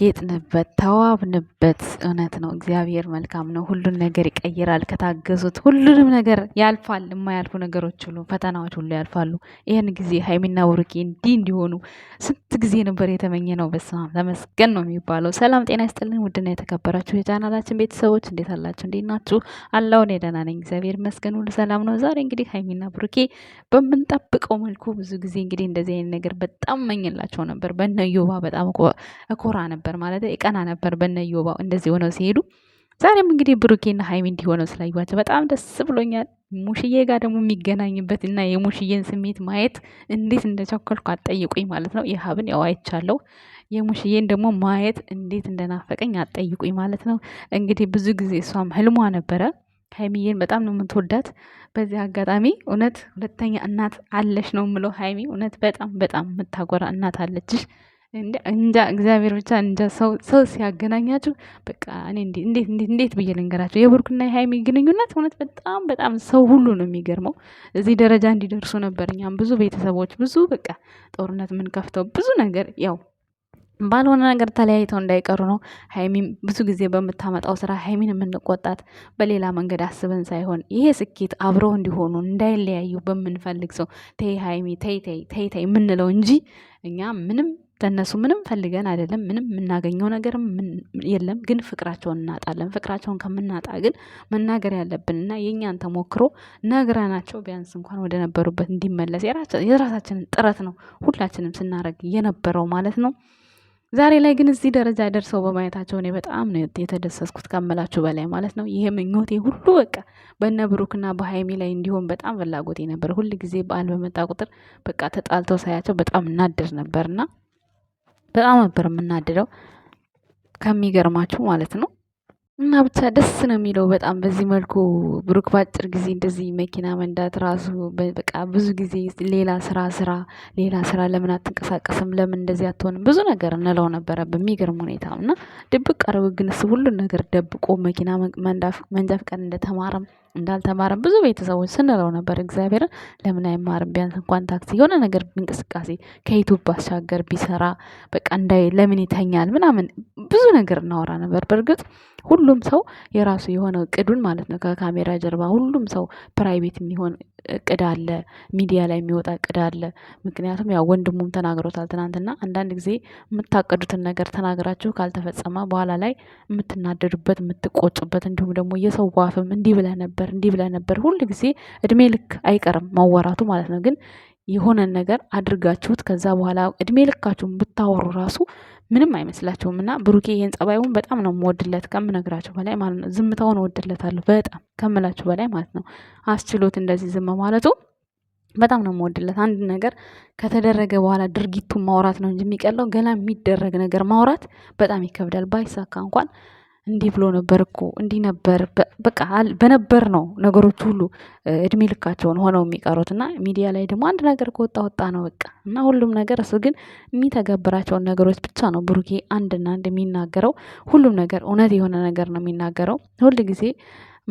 ጌጥንበት፣ ተዋብንበት። እውነት ነው፣ እግዚአብሔር መልካም ነው። ሁሉን ነገር ይቀይራል ከታገሱት። ሁሉንም ነገር ያልፋል። የማያልፉ ነገሮች ሁሉ፣ ፈተናዎች ሁሉ ያልፋሉ። ይህን ጊዜ ሀይሚና ብሩኬ እንዲህ እንዲሆኑ ስንት ጊዜ ነበር የተመኘ ነው። በስመ አብ ተመስገን ነው የሚባለው። ሰላም ጤና ይስጥልን። ውድና የተከበራችሁ የቻናላችን ቤተሰቦች እንዴት አላችሁ? እንዴት ናችሁ? አላው እኔ ደህና ነኝ፣ እግዚአብሔር ይመስገን፣ ሁሉ ሰላም ነው። ዛሬ እንግዲህ ሀይሚና ብሩኬ በምንጠብቀው መልኩ ብዙ ጊዜ እንግዲህ እንደዚህ አይነት ነገር በጣም መኝላቸው ነበር። በነዮባ በጣም እኮራ ነበር ነበር ማለት የቀና ነበር በነዮባው እንደዚህ ሆነው ሲሄዱ ዛሬም እንግዲህ ብሩኬና ሀይሚ እንዲሆነው ስላዩቸው በጣም ደስ ብሎኛል። ሙሽዬ ጋር ደግሞ የሚገናኝበት እና የሙሽዬን ስሜት ማየት እንዴት እንደቸኮልኩ አጠይቁኝ ማለት ነው። የሀብን ያው አይቻለሁ። የሙሽዬን ደግሞ ማየት እንዴት እንደናፈቀኝ አጠይቁኝ ማለት ነው። እንግዲህ ብዙ ጊዜ እሷም ህልሟ ነበረ። ሀይሚዬን በጣም ነው የምትወዳት። በዚህ አጋጣሚ እውነት ሁለተኛ እናት አለሽ ነው የምለው። ሀይሚ እውነት በጣም በጣም የምታጎራ እናት አለችሽ። እንጃ እግዚአብሔር ብቻ እንጃ ሰው ሰው ሲያገናኛችሁ በቃ እኔ እንዴት እንዴት ብዬ ልንገራችሁ። የብሩክና የሀይሚ ግንኙነት እውነት በጣም በጣም ሰው ሁሉ ነው የሚገርመው። እዚህ ደረጃ እንዲደርሱ ነበር እኛም ብዙ ቤተሰቦች ብዙ በቃ ጦርነት የምንከፍተው ብዙ ነገር ያው ባልሆነ ነገር ተለያይተው እንዳይቀሩ ነው። ሀይሚን ብዙ ጊዜ በምታመጣው ስራ ሀይሚን የምንቆጣት በሌላ መንገድ አስበን ሳይሆን ይሄ ስኬት አብረው እንዲሆኑ እንዳይለያዩ በምንፈልግ ሰው ተይ ሀይሚ ተይ ተይ ተይ ተይ የምንለው እንጂ እኛ ምንም ከእነሱ ምንም ፈልገን አይደለም ምንም የምናገኘው ነገርም የለም። ግን ፍቅራቸውን እናጣለን። ፍቅራቸውን ከምናጣ ግን መናገር ያለብንና የእኛን ተሞክሮ ነግረናቸው ቢያንስ እንኳን ወደ ነበሩበት እንዲመለስ የራሳችንን ጥረት ነው ሁላችንም ስናደርግ የነበረው ማለት ነው። ዛሬ ላይ ግን እዚህ ደረጃ ደርሰው በማየታቸው እኔ በጣም ነው የተደሰስኩት ከምላችሁ በላይ ማለት ነው። ይሄ ምኞቴ ሁሉ በቃ በነ ብሩክና በሀይሚ ላይ እንዲሆን በጣም ፍላጎቴ ነበር። ሁል ጊዜ በዓል በመጣ ቁጥር በቃ ተጣልተው ሳያቸው በጣም እናደር ነበርና በጣም ነበር የምናድደው ከሚገርማችሁ ማለት ነው። እና ብቻ ደስ ነው የሚለው በጣም በዚህ መልኩ ብሩክ በአጭር ጊዜ እንደዚህ መኪና መንዳት ራሱ በቃ ብዙ ጊዜ ሌላ ስራ ስራ ሌላ ስራ ለምን አትንቀሳቀስም ለምን እንደዚህ አትሆንም ብዙ ነገር እንለው ነበረ በሚገርም ሁኔታ እና ድብቅ አረው ግን ሁሉን ነገር ደብቆ መኪና መንጃ ቀን እንደተማረም እንዳልተማረም ብዙ ቤተሰቦች ስንለው ነበር። እግዚአብሔርን ለምን አይማርም? ቢያንስ እንኳን ታክሲ የሆነ ነገር እንቅስቃሴ ከዩቱብ ባሻገር ቢሰራ በቃ እንዳይ ለምን ይተኛል ምናምን ብዙ ነገር እናወራ ነበር። በእርግጥ ሁሉም ሰው የራሱ የሆነ እቅዱን ማለት ነው ከካሜራ ጀርባ ሁሉም ሰው ፕራይቬት የሚሆን እቅድ አለ ሚዲያ ላይ የሚወጣ እቅድ አለ። ምክንያቱም ያው ወንድሙም ተናግሮታል ትናንትና አንዳንድ ጊዜ የምታቅዱትን ነገር ተናግራችሁ ካልተፈጸመ በኋላ ላይ የምትናደዱበት የምትቆጩበት፣ እንዲሁም ደግሞ የሰው አፍም እንዲህ ብለ ነበር እንዲህ ብለ ነበር ሁል ጊዜ እድሜ ልክ አይቀርም ማወራቱ ማለት ነው። ግን የሆነን ነገር አድርጋችሁት ከዛ በኋላ እድሜ ልካችሁን ብታወሩ ራሱ ምንም አይመስላቸውም። እና ብሩኬ ይሄን ጸባዩን በጣም ነው የምወድለት ከምነግራቸው በላይ ማለት ነው። ዝምታውን እወድለታለሁ በጣም ከምላቸው በላይ ማለት ነው። አስችሎት እንደዚህ ዝም ማለቱ በጣም ነው የምወድለት። አንድ ነገር ከተደረገ በኋላ ድርጊቱን ማውራት ነው እንጂ የሚቀለው ገና የሚደረግ ነገር ማውራት በጣም ይከብዳል። ባይሳካ እንኳን እንዲህ ብሎ ነበር እኮ እንዲህ ነበር በቃ በነበር ነው ነገሮች ሁሉ እድሜ ልካቸውን ሆነው የሚቀሩት እና ሚዲያ ላይ ደግሞ አንድ ነገር ከወጣ ወጣ ነው በቃ እና ሁሉም ነገር እሱ ግን የሚተገብራቸውን ነገሮች ብቻ ነው ብሩኬ አንድና አንድ የሚናገረው ሁሉም ነገር እውነት የሆነ ነገር ነው የሚናገረው ሁል ጊዜ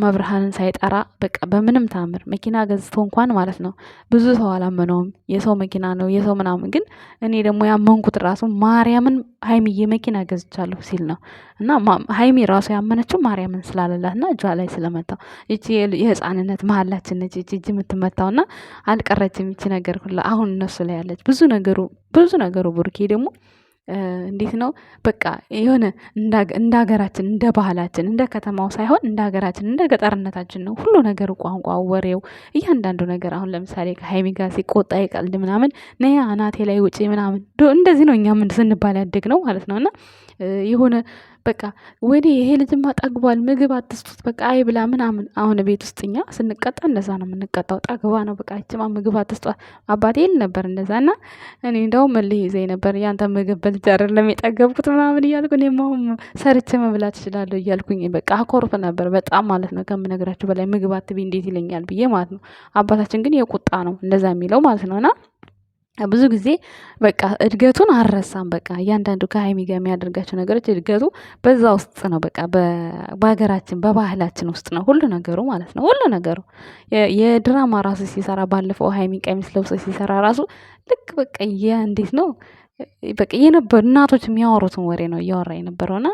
መብርሃንን ሳይጠራ በቃ በምንም ታምር መኪና ገዝቶ እንኳን ማለት ነው ብዙ ሰው አላመነውም። የሰው መኪና ነው የሰው ምናምን፣ ግን እኔ ደግሞ ያመንኩት ራሱ ማርያምን ሀይሚዬ መኪና ገዝቻለሁ ሲል ነው እና ሀይሚ ራሱ ያመነችው ማርያምን ስላለላት እና እጇ ላይ ስለመታው ይቺ የህፃንነት መሀላችን ነች ይቺ እጅ የምትመታው እና አልቀረችም ይቺ ነገር ሁላ አሁን እነሱ ላይ ያለች ብዙ ነገሩ ብዙ ነገሩ ቡርኬ ደግሞ እንዴት ነው በቃ የሆነ እንደ ሀገራችን እንደ ባህላችን እንደ ከተማው ሳይሆን እንደ ሀገራችን እንደ ገጠርነታችን ነው ሁሉ ነገሩ ቋንቋ፣ ወሬው፣ እያንዳንዱ ነገር። አሁን ለምሳሌ ከሀይሚ ጋር ሲቆጣ ይቀልድ ምናምን ነያ አናቴ ላይ ውጪ ምናምን እንደዚህ ነው እኛ ምን ስንባል ያደግ ነው ማለት ነው እና የሆነ በቃ ወዲ ይሄ ልጅማ ጠግቧል፣ ምግብ አትስጡት፣ በቃ አይ ብላ ምናምን። አሁን ቤት ውስጥ እኛ ስንቀጣ እንደዛ ነው የምንቀጣው። ጠግባ ነው በቃ ይችማ ምግብ አትስጧት። አባቴ ይል ነበር እንደዛ እና እኔ እንደው መልህ ይዘኝ ነበር። ያንተ ምግብ በልቼ አይደለም የጠገብኩት ምናምን እያልኩ እኔማ አሁን ሰርቼ መብላት እችላለሁ እያልኩኝ በቃ አኮርፍ ነበር በጣም ማለት ነው። ከምነግራችሁ በላይ ምግብ አትቤ እንዴት ይለኛል ብዬ ማለት ነው። አባታችን ግን የቁጣ ነው እንደዛ የሚለው ማለት ነውና ብዙ ጊዜ በቃ እድገቱን አረሳም በቃ እያንዳንዱ ከሀይሚ ጋር የሚያደርጋቸው ነገሮች እድገቱ በዛ ውስጥ ነው። በቃ በሀገራችን በባህላችን ውስጥ ነው ሁሉ ነገሩ ማለት ነው። ሁሉ ነገሩ የድራማ ራሱ ሲሰራ ባለፈው ሀይሚ ቀሚስ ለብሶ ሲሰራ ራሱ ልክ በቃ እንዴት ነው በቃ የነበሩ እናቶች የሚያወሩትን ወሬ ነው እያወራ የነበረውና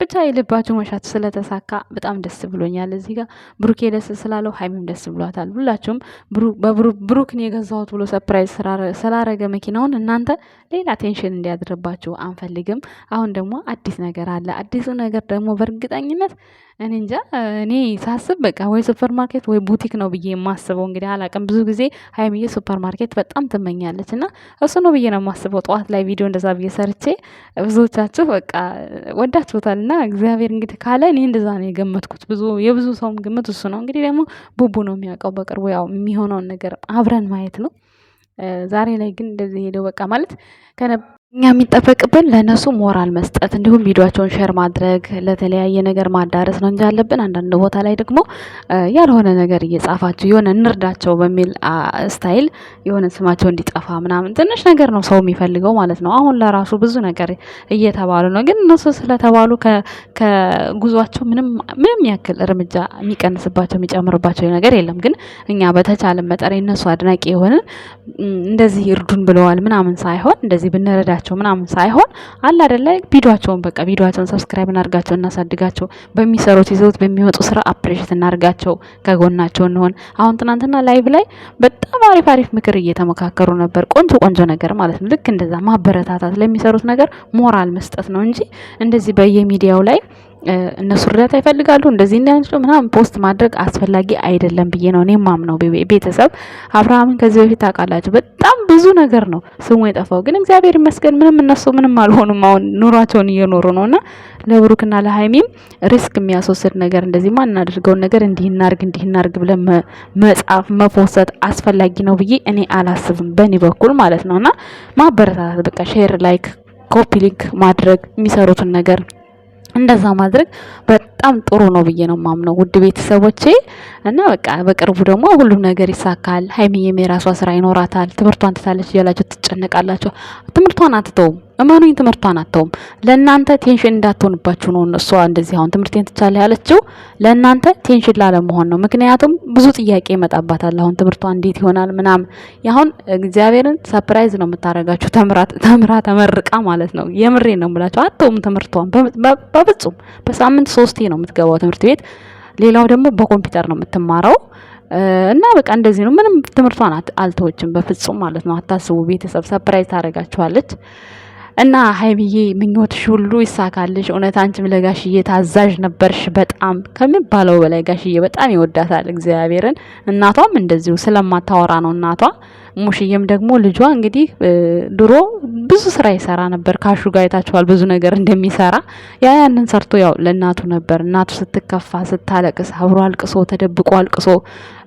ብቻ የልባችሁ መሻት ስለተሳካ በጣም ደስ ብሎኛል። እዚህ ጋር ብሩኬ ደስ ስላለው ሀይሚም ደስ ብሏታል። ሁላችሁም ብሩክን የገዛሁት ብሎ ሰፕራይዝ ስላረገ መኪናውን እናንተ ሌላ ቴንሽን እንዲያድርባችሁ አንፈልግም። አሁን ደግሞ አዲስ ነገር አለ። አዲሱ ነገር ደግሞ በእርግጠኝነት እኔ እንጃ እኔ ሳስብ በቃ ወይ ሱፐር ማርኬት ወይ ቡቲክ ነው ብዬ የማስበው። እንግዲህ አላቅም ብዙ ጊዜ ሀይሚዬ ሱፐር ማርኬት በጣም ትመኛለች እና እሱ ነው ብዬ ነው የማስበው። ጠዋት ላይ ቪዲዮ እንደዛ ብዬ ሰርቼ ብዙዎቻችሁ በቃ ወዳችሁታል እና እግዚአብሔር እንግዲህ ካለ እኔ እንደዛ ነው የገመትኩት። ብዙ የብዙ ሰውም ግምት እሱ ነው። እንግዲህ ደግሞ ቡቡ ነው የሚያውቀው። በቅርቡ ያው የሚሆነውን ነገር አብረን ማየት ነው። ዛሬ ላይ ግን እንደዚህ ሄደው በቃ ማለት እኛ የሚጠበቅብን ለእነሱ ሞራል መስጠት እንዲሁም ቪዲዮቸውን ሼር ማድረግ ለተለያየ ነገር ማዳረስ ነው እንጂ ያለብን። አንዳንድ ቦታ ላይ ደግሞ ያልሆነ ነገር እየጻፋቸው የሆነ እንርዳቸው በሚል ስታይል የሆነ ስማቸው እንዲጠፋ ምናምን ትንሽ ነገር ነው ሰው የሚፈልገው ማለት ነው። አሁን ለራሱ ብዙ ነገር እየተባሉ ነው፣ ግን እነሱ ስለተባሉ ከጉዟቸው ምንም ያክል እርምጃ የሚቀንስባቸው የሚጨምርባቸው ነገር የለም። ግን እኛ በተቻለ መጠን የእነሱ አድናቂ የሆንን እንደዚህ እርዱን ብለዋል ምናምን ሳይሆን እንደዚህ ብንረዳ እንርዳቸው ምናምን ሳይሆን አለ አይደለ ቪዲዮቸውን በቃ ቪዲዮቸውን ሰብስክራይብ እናርጋቸው፣ እናሳድጋቸው፣ በሚሰሩት ይዘውት በሚወጡ ስራ አፕሬሽት እናርጋቸው፣ ከጎናቸው እንሆን። አሁን ትናንትና ላይቭ ላይ በጣም አሪፍ አሪፍ ምክር እየተመካከሩ ነበር። ቆንጆ ቆንጆ ነገር ማለት ነው። ልክ እንደዛ ማበረታታት ለሚሰሩት ነገር ሞራል መስጠት ነው እንጂ እንደዚህ በየሚዲያው ላይ እነሱ እርዳታ ይፈልጋሉ እንደዚህ እንዳንችሎ ምናምን ፖስት ማድረግ አስፈላጊ አይደለም ብዬ ነው እኔ ማምነው። ቤተሰብ አብርሃምን ከዚህ በፊት ታውቃላችሁ፣ በጣም ብዙ ነገር ነው ስሙ የጠፋው። ግን እግዚአብሔር ይመስገን ምንም እነሱ ምንም አልሆኑም። አሁን ኑሯቸውን እየኖሩ ነው እና ለብሩክና ለሀይሚም ሪስክ የሚያስወስድ ነገር እንደዚህ እናደርገውን ነገር እንዲህ እናርግ እንዲህ እናርግ ብለን መጻፍ መፎሰት አስፈላጊ ነው ብዬ እኔ አላስብም፣ በእኔ በኩል ማለት ነው እና ማበረታታት በቃ ሼር፣ ላይክ፣ ኮፒ ሊንክ ማድረግ የሚሰሩትን ነገር እንደዛ ማድረግ በጣም ጥሩ ነው ብዬ ነው ማምነው፣ ውድ ቤተሰቦቼ እና በቃ በቅርቡ ደግሞ ሁሉም ነገር ይሳካል። ሀይሚዬም የራሷ ስራ ይኖራታል። ትምህርቷን ትታለች እያላችሁ ትጨነቃላችሁ። ትምህርቷን አትተውም። እመኑኝ ትምህርቷን አተውም። ለእናንተ ቴንሽን እንዳትሆንባችሁ ነው። እሷ እንደዚህ አሁን ትምህርቴን ትቻለ ያለችው ለእናንተ ቴንሽን ላለመሆን ነው። ምክንያቱም ብዙ ጥያቄ ይመጣባታል። አሁን ትምህርቷ እንዴት ይሆናል ምናምን። ያሁን እግዚአብሔርን ሰፕራይዝ ነው የምታደርጋችሁ። ተምራ ተመርቃ ማለት ነው። የምሬ ነው ምላችሁ። አተውም ትምህርቷን በፍጹም። በሳምንት ሶስቴ ነው የምትገባው ትምህርት ቤት። ሌላው ደግሞ በኮምፒውተር ነው የምትማረው እና በቃ እንደዚህ ነው። ምንም ትምህርቷን አልተወችም በፍጹም ማለት ነው። አታስቡ። ቤተሰብ ሰፕራይዝ ታደርጋችኋለች። እና ሀይሚዬ ምኞትሽ ሁሉ ይሳካልሽ። እውነት አንቺም ለጋሽዬ ታዛዥ ነበርሽ በጣም ከሚባለው በላይ ጋሽዬ በጣም ይወዳታል እግዚአብሔርን። እናቷም እንደዚሁ ስለማታወራ ነው እናቷ ሙሽዬም ደግሞ ልጇ እንግዲህ ድሮ ብዙ ስራ ይሰራ ነበር። ካሹ ጋር አይታችኋል ብዙ ነገር እንደሚሰራ ያ ያንን ሰርቶ ያው ለእናቱ ነበር። እናቱ ስትከፋ ስታለቅስ አብሮ አልቅሶ ተደብቆ አልቅሶ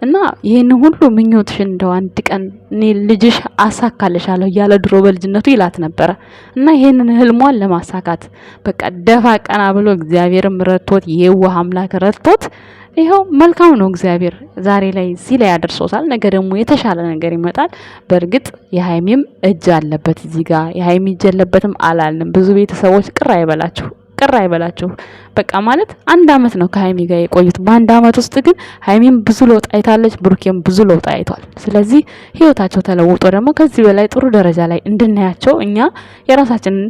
እና ይህን ሁሉ ምኞትሽ እንደው አንድ ቀን እኔ ልጅሽ አሳካልሻለሁ እያለ ድሮ በልጅነቱ ይላት ነበረ እና ይህንን ህልሟን ለማሳካት በቃ ደፋ ቀና ብሎ እግዚአብሔርም ረድቶት የዋህ አምላክ ረድቶት ይኸው መልካም ነው። እግዚአብሔር ዛሬ ላይ እዚህ ላይ ያደርሶታል። ነገ ደግሞ የተሻለ ነገር ይመጣል። በእርግጥ የሀይሚም እጅ አለበት እዚህ ጋር የሀይሚ እጅ የለበትም አላልንም። ብዙ ቤተሰቦች ቅር አይበላችሁ ቅር አይበላችሁ። በቃ ማለት አንድ አመት ነው ከሀይሚ ጋር የቆዩት። በአንድ አመት ውስጥ ግን ሀይሚም ብዙ ለውጥ አይታለች፣ ብሩኬም ብዙ ለውጥ አይቷል። ስለዚህ ህይወታቸው ተለውጦ ደግሞ ከዚህ በላይ ጥሩ ደረጃ ላይ እንድናያቸው እኛ የራሳችንን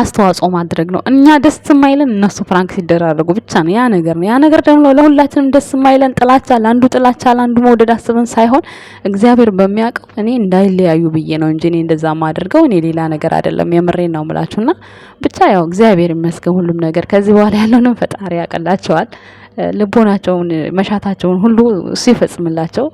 አስተዋጽኦ ማድረግ ነው። እኛ ደስ የማይለን እነሱ ፍራንክ ሲደራረጉ ብቻ ነው። ያ ነገር ነው። ያ ነገር ደግሞ ለሁላችንም ደስ የማይለን ጥላቻ፣ ለአንዱ ጥላቻ፣ ለአንዱ መውደድ አስበን ሳይሆን እግዚአብሔር በሚያውቀው እኔ እንዳይለያዩ ብዬ ነው እንጂ እኔ እንደዛ ማድርገው እኔ ሌላ ነገር አይደለም። የምሬ ነው ምላችሁና ብቻ ያው እግዚአብሔር ይመስገን ሁሉም ነገር ከዚህ በኋላ ያለውንም ፈጣሪ ያቀላቸዋል። ልቦናቸውን መሻታቸውን ሁሉ እሱ ይፈጽምላቸው።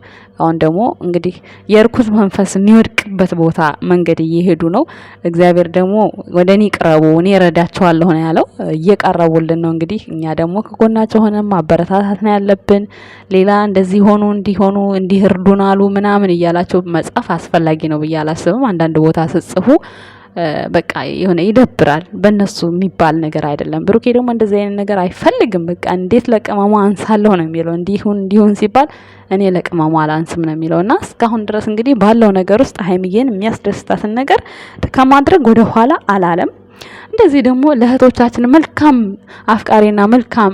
አሁን ደግሞ እንግዲህ የእርኩስ መንፈስ የሚወድቅበት ቦታ መንገድ እየሄዱ ነው። እግዚአብሔር ደግሞ ወደ እኔ ቅረቡ እኔ ረዳቸዋለሁ ነው ያለው። እየቀረቡልን ነው። እንግዲህ እኛ ደግሞ ከጎናቸው ሆነ ማበረታታት ነው ያለብን። ሌላ እንደዚህ ሆኑ እንዲሆኑ እንዲህ እርዱን አሉ ምናምን እያላቸው መጻፍ አስፈላጊ ነው ብዬ አላስብም። አንዳንድ ቦታ ስጽፉ በቃ የሆነ ይደብራል። በእነሱ የሚባል ነገር አይደለም። ብሩኬ ደግሞ እንደዚህ አይነት ነገር አይፈልግም። በቃ እንዴት ለቅመሟ አንሳለሁ ነው የሚለው። እንዲሁን እንዲሁን ሲባል እኔ ለቅመሟ አላንስም ነው የሚለው እና እስካሁን ድረስ እንግዲህ ባለው ነገር ውስጥ ሀይሚዬን የሚያስደስታትን ነገር ከማድረግ ወደኋላ አላለም። እንደዚህ ደግሞ ለእህቶቻችን መልካም አፍቃሪና መልካም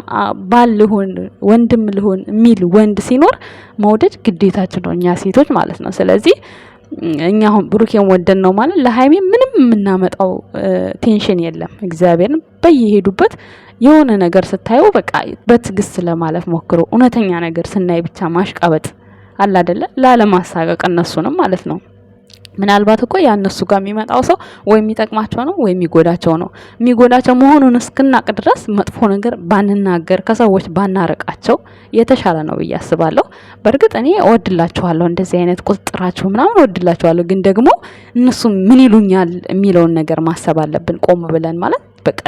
ባል ልሁን ወንድም ልሁን የሚል ወንድ ሲኖር መውደድ ግዴታችን ነው እኛ ሴቶች ማለት ነው። ስለዚህ እኛ አሁን ብሩኬን ወደን ነው ማለት ለሀይሜ ምንም የምናመጣው ቴንሽን የለም። እግዚአብሔርን በየሄዱበት የሆነ ነገር ስታዩ በቃ በትግስት ለማለፍ ሞክሮ እውነተኛ ነገር ስናይ ብቻ ማሽቃበጥ አለ ላለማሳቀቅ እነሱንም ማለት ነው። ምናልባት እኮ ያ እነሱ ጋር የሚመጣው ሰው ወይ የሚጠቅማቸው ነው ወይ የሚጎዳቸው ነው። የሚጎዳቸው መሆኑን እስክናቅ ድረስ መጥፎ ነገር ባንናገር፣ ከሰዎች ባናረቃቸው የተሻለ ነው ብዬ አስባለሁ። በእርግጥ እኔ እወድላችኋለሁ፣ እንደዚህ አይነት ቁጥጥራችሁ ምናምን እወድላችኋለሁ። ግን ደግሞ እነሱ ምን ይሉኛል የሚለውን ነገር ማሰብ አለብን፣ ቆም ብለን ማለት በቃ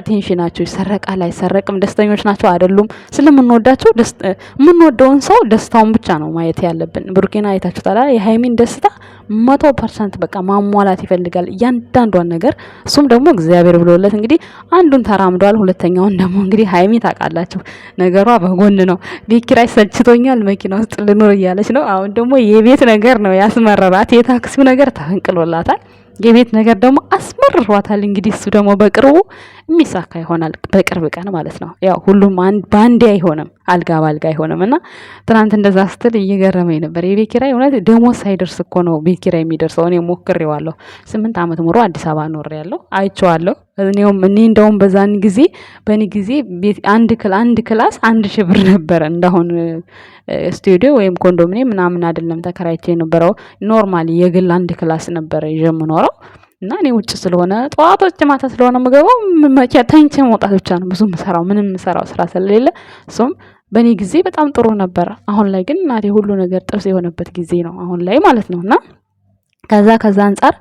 ናቸው ይሰረቃል አይሰረቅም፣ ደስተኞች ናቸው አይደሉም። ስለምንወዳቸው የምንወደውን ሰው ደስታውን ብቻ ነው ማየት ያለብን። ብሩኬና አይታችሁ ታላ የሀይሚን ደስታ መቶ ፐርሰንት በቃ ማሟላት ይፈልጋል እያንዳንዷን ነገር። እሱም ደግሞ እግዚአብሔር ብሎለት እንግዲህ አንዱን ተራምዷል። ሁለተኛውን ደግሞ እንግዲህ ሀይሚ ታውቃላችሁ ነገሯ በጎን ነው። ቤት ኪራይ ሰልችቶኛል መኪና ውስጥ ልኑር እያለች ነው። አሁን ደግሞ የቤት ነገር ነው ያስመረራት። የታክሲው ነገር ተፈንቅሎላታል። የቤት ነገር ደግሞ አስመርሯታል። እንግዲህ እሱ ደግሞ በቅርቡ የሚሳካ ይሆናል በቅርብ ቀን ማለት ነው። ያው ሁሉም በአንዴ አይሆንም፣ አልጋ በአልጋ አይሆንም እና ትናንት እንደዛ ስትል እየገረመኝ ነበር። የቤት ኪራይ እውነት ደሞዝ ሳይደርስ እኮ ነው ቤት ኪራይ የሚደርሰው። እኔ ሞክሬዋለሁ። ስምንት ዓመት ሙሮ አዲስ አበባ ኖሬያለሁ፣ አይቼዋለሁ። እኔውም እኔ እንደውም በዛን ጊዜ በእኔ ጊዜ አንድ አንድ ክላስ አንድ ሺህ ብር ነበረ። እንዳሁን ስቱዲዮ ወይም ኮንዶሚኒየም ምናምን አይደለም ተከራይቼ የነበረው ኖርማሊ የግል አንድ ክላስ ነበረ ይዤ የምኖረው እና እኔ ውጭ ስለሆነ ጠዋቶች ማታ ስለሆነ ምገበው መኪያ ተኝቼ መውጣት ብቻ ነው ብዙ ምሰራው ምንም ምሰራው ስራ ስለሌለ እሱም በእኔ ጊዜ በጣም ጥሩ ነበር አሁን ላይ ግን እናቴ ሁሉ ነገር ጥርስ የሆነበት ጊዜ ነው አሁን ላይ ማለት ነው እና ከዛ ከዛ አንጻር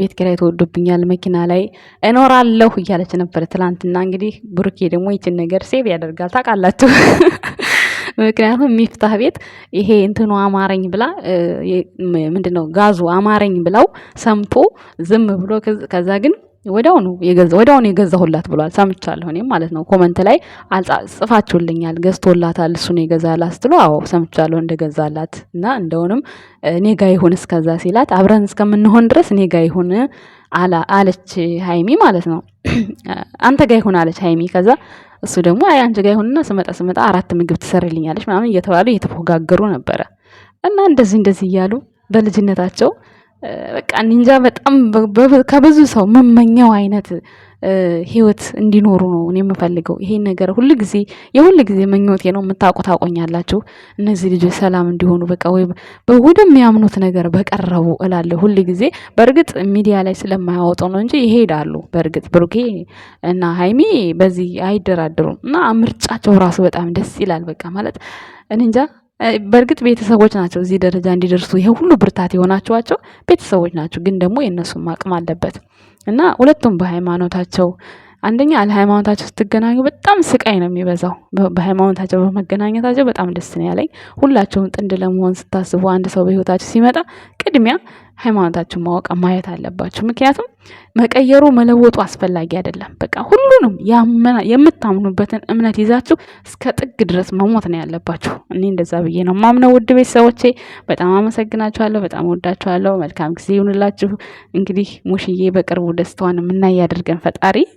ቤት ኪራይ ተወዶብኛል፣ መኪና ላይ እኖራለሁ እያለች ነበር ትላንትና። እንግዲህ ብሩኬ ደግሞ ይችን ነገር ሴቭ ያደርጋል ታውቃላችሁ። ምክንያቱም ሚፍታህ ቤት ይሄ እንትኑ አማረኝ ብላ ምንድነው ጋዙ አማረኝ ብላው ሰምቶ ዝም ብሎ ከዛ ግን ወዲያውኑ የገዛ ወዲያውኑ የገዛሁላት ብሏል። ሰምቻለሁ እኔም ማለት ነው። ኮመንት ላይ ጽፋችሁልኛል። ገዝቶላታል እሱ ነው የገዛላት ስትሉ፣ አዎ ሰምቻለሁ እንደገዛላት እና እንደውንም እኔ ጋ ይሁን እስከዛ ሲላት አብረን እስከምንሆን ድረስ እኔ ጋ ይሁን አለች ሀይሚ ማለት ነው። አንተ ጋ ይሁን አለች ሀይሚ ከዛ እሱ ደግሞ አይ አንቺ ጋር ይሁንና ስመጣ ስመጣ አራት ምግብ ትሰርልኛለች ምናምን እየተባሉ እየተፎጋገሩ ነበረ እና እንደዚህ እንደዚህ እያሉ በልጅነታቸው በቃ እንጃ በጣም ከብዙ ሰው መመኘው አይነት ህይወት እንዲኖሩ ነው እኔ የምፈልገው። ይሄን ነገር ሁል ጊዜ የሁል ጊዜ ምኞቴ ነው። የምታውቁ ታቆኛላችሁ። እነዚህ ልጆች ሰላም እንዲሆኑ በቃ ወይ ወደሚያምኑት ነገር በቀረቡ እላለሁ ሁል ጊዜ። በእርግጥ ሚዲያ ላይ ስለማያወጡ ነው እንጂ ይሄዳሉ። በእርግጥ ብሩኬ እና ሀይሚ በዚህ አይደራደሩም እና ምርጫቸው ራሱ በጣም ደስ ይላል። በቃ ማለት እንጃ በእርግጥ ቤተሰቦች ናቸው እዚህ ደረጃ እንዲደርሱ ይሄ ሁሉ ብርታት የሆናቸዋቸው ቤተሰቦች ናቸው። ግን ደግሞ የእነሱም አቅም አለበት እና ሁለቱም በሃይማኖታቸው አንደኛ ለሃይማኖታቸው ስትገናኙ በጣም ስቃይ ነው የሚበዛው። በሃይማኖታቸው በመገናኘታቸው በጣም ደስ ነው ያለኝ። ሁላቸውም ጥንድ ለመሆን ስታስቡ አንድ ሰው በህይወታቸው ሲመጣ ቅድሚያ ሃይማኖታቸውን ማወቅ ማየት አለባቸው። ምክንያቱም መቀየሩ መለወጡ አስፈላጊ አይደለም። በቃ ሁሉንም የምታምኑበትን እምነት ይዛችሁ እስከ ጥግ ድረስ መሞት ነው ያለባችሁ። እኔ እንደዛ ብዬ ነው ማምነው። ውድ ቤተሰቦቼ በጣም አመሰግናችኋለሁ። በጣም ወዳችኋለሁ። መልካም ጊዜ ይሁንላችሁ። እንግዲህ ሙሽዬ በቅርቡ ደስታዋን የምናይ ያደርገን ፈጣሪ።